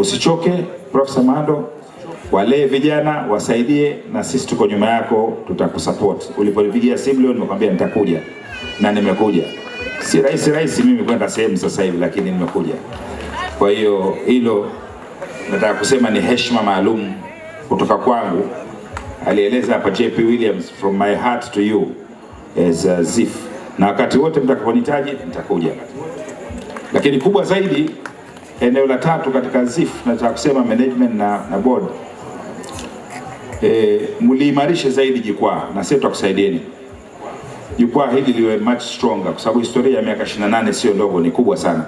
Usichoke Profesa Mando, walee vijana, wasaidie, na sisi tuko nyuma yako, tutakusupport. Uliponipigia simu leo, nimekwambia nitakuja na nimekuja. Si rahisi rahisi mimi kwenda sehemu sasa hivi, lakini nimekuja. Kwa hiyo hilo nataka kusema ni heshima maalum kutoka kwangu. Alieleza hapa JP Williams, from my heart to you as Zif, na wakati wote mtakaponitaji nitakuja, lakini kubwa zaidi Eneo la tatu katika ZIF nataka kusema management na, na board e, mliimarishe zaidi jukwaa na sisi tutakusaidieni jukwaa hili liwe much stronger, kwa sababu historia ya miaka 28 sio ndogo, ni kubwa sana.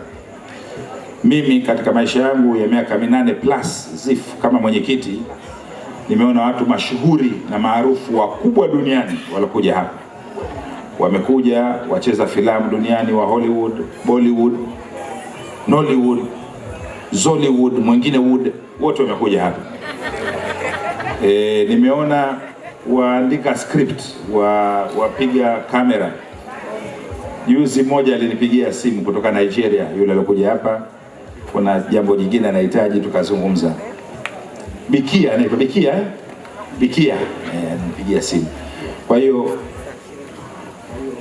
Mimi katika maisha yangu ya miaka minane plus ZIF kama mwenyekiti nimeona watu mashuhuri na maarufu wakubwa duniani walokuja hapa, wamekuja wacheza filamu duniani wa Hollywood, Bollywood, Nollywood Zollywood, mwingine Wood, wote wamekuja hapa. E, nimeona waandika script wa wapiga kamera Juzi mmoja alinipigia simu kutoka Nigeria, yule aliokuja hapa, kuna jambo jingine anahitaji tukazungumza. Bikia anaitwa Bikia, eh? Bikia e, alinipigia e, simu. Kwa hiyo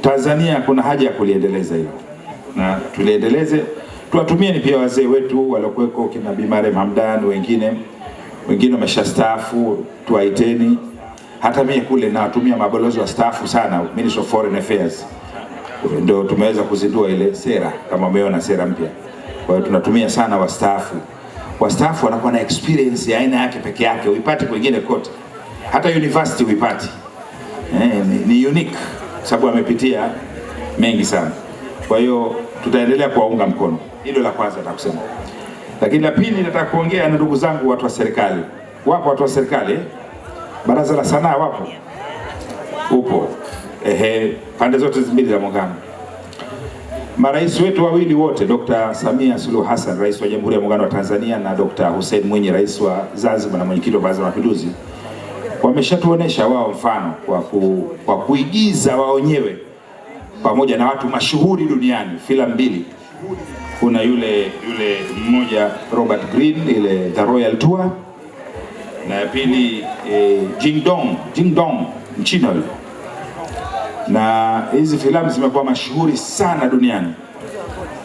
Tanzania kuna haja ya kuliendeleza hilo na tuliendeleze ni pia wazee wetu waliokuweko kina Bimare Mamdan, Hamdan, wengine wengine wameshastaafu, tuwaiteni. Hata mimi kule nawatumia mabalozi wa wastaafu sana, Ministry of Foreign Affairs ndio tumeweza kuzindua ile sera, kama umeona sera mpya. Kwa hiyo tunatumia sana wastaafu. Wastaafu wanakuwa na experience ya aina yake peke yake, uipate kwingine kote, hata university uipate Eh, ni, ni unique sababu amepitia mengi sana. Kwa hiyo tutaendelea kuwaunga mkono. Hilo la kwanza nataka kusema, lakini la pili nataka kuongea na ndugu zangu watu wa serikali. Wapo watu wa serikali, baraza la sanaa wapo, upo ehe, pande zote mbili za Muungano. Marais wetu wawili wote, Dr. Samia Suluhu Hassan, rais wa Jamhuri ya Muungano wa Tanzania, na Dr. Hussein Mwinyi, rais wa Zanzibar na mwenyekiti wa Baraza la Mapinduzi, wameshatuonesha wao mfano kwa, ku, kwa kuigiza wao wenyewe pamoja na watu mashuhuri duniani filamu mbili kuna yule yule mmoja Robert Green ile The Royal Tour, na ya pili eh, Jing Dong Jing Dong mchina yule. Na hizi filamu zimekuwa mashuhuri sana duniani.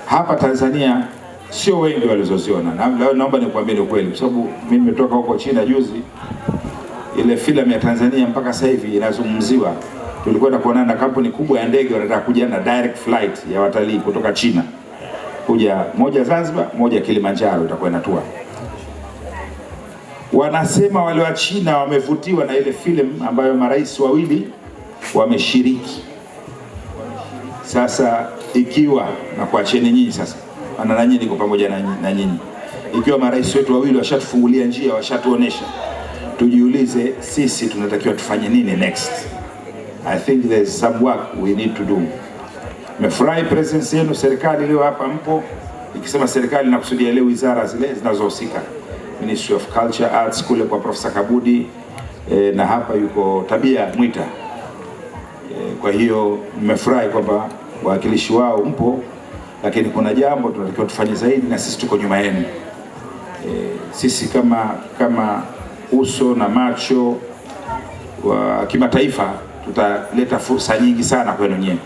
Hapa Tanzania sio wengi walizoziona, na naomba nikwambie ni kweli, kwa sababu mimi nimetoka huko China juzi. Ile filamu ya Tanzania mpaka sasa hivi inazungumziwa. Tulikwenda kuonana na kampuni kubwa ya ndege, wanataka kuja na direct flight ya watalii kutoka China kuja moja Zanzibar, moja Kilimanjaro itakuwa inatua. Wanasema wale wa China wamevutiwa na ile filamu ambayo marais wawili wameshiriki. Sasa ikiwa na kuacheni nyinyi sasa, ana na nyinyi, niko pamoja na nyinyi. Ikiwa marais wetu wawili washatufungulia njia, washatuonesha, tujiulize sisi tunatakiwa tufanye nini next. I think there's some work we need to do. Nimefurahi presence yenu serikali leo hapa mpo. Ikisema serikali nakusudia leo wizara zile zinazohusika Ministry of Culture Arts kule kwa Profesa Kabudi e, na hapa yuko Tabia Mwita e, kwa hiyo nimefurahi kwamba wawakilishi wao mpo, lakini kuna jambo tunatakiwa tufanye zaidi, na sisi tuko nyuma yenu e, sisi kama kama uso na macho wa kimataifa tutaleta fursa nyingi sana kwenu nyenye.